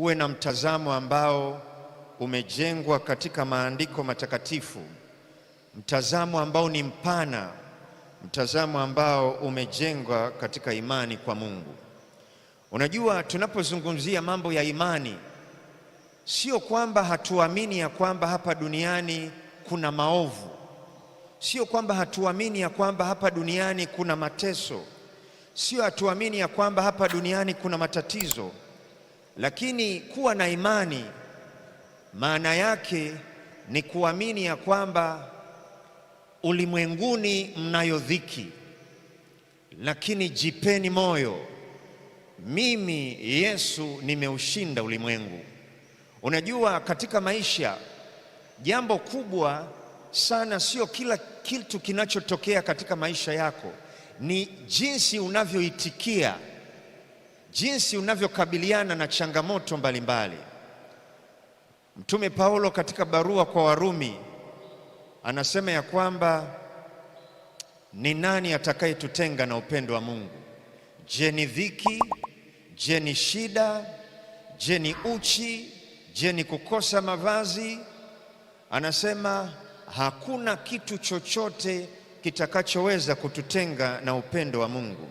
uwe na mtazamo ambao umejengwa katika maandiko matakatifu, mtazamo ambao ni mpana, mtazamo ambao umejengwa katika imani kwa Mungu. Unajua, tunapozungumzia mambo ya imani, sio kwamba hatuamini ya kwamba hapa duniani kuna maovu, sio kwamba hatuamini ya kwamba hapa duniani kuna mateso, sio hatuamini ya kwamba hapa duniani kuna matatizo lakini kuwa na imani maana yake ni kuamini ya kwamba ulimwenguni mnayo dhiki, lakini jipeni moyo, mimi Yesu nimeushinda ulimwengu. Unajua, katika maisha jambo kubwa sana sio kila kitu kinachotokea katika maisha yako, ni jinsi unavyoitikia jinsi unavyokabiliana na changamoto mbalimbali mbali. Mtume Paulo katika barua kwa Warumi anasema ya kwamba ni nani atakayetutenga na upendo wa Mungu? Je, ni dhiki? Je, ni shida? Je, ni uchi? Je, ni kukosa mavazi? Anasema hakuna kitu chochote kitakachoweza kututenga na upendo wa Mungu.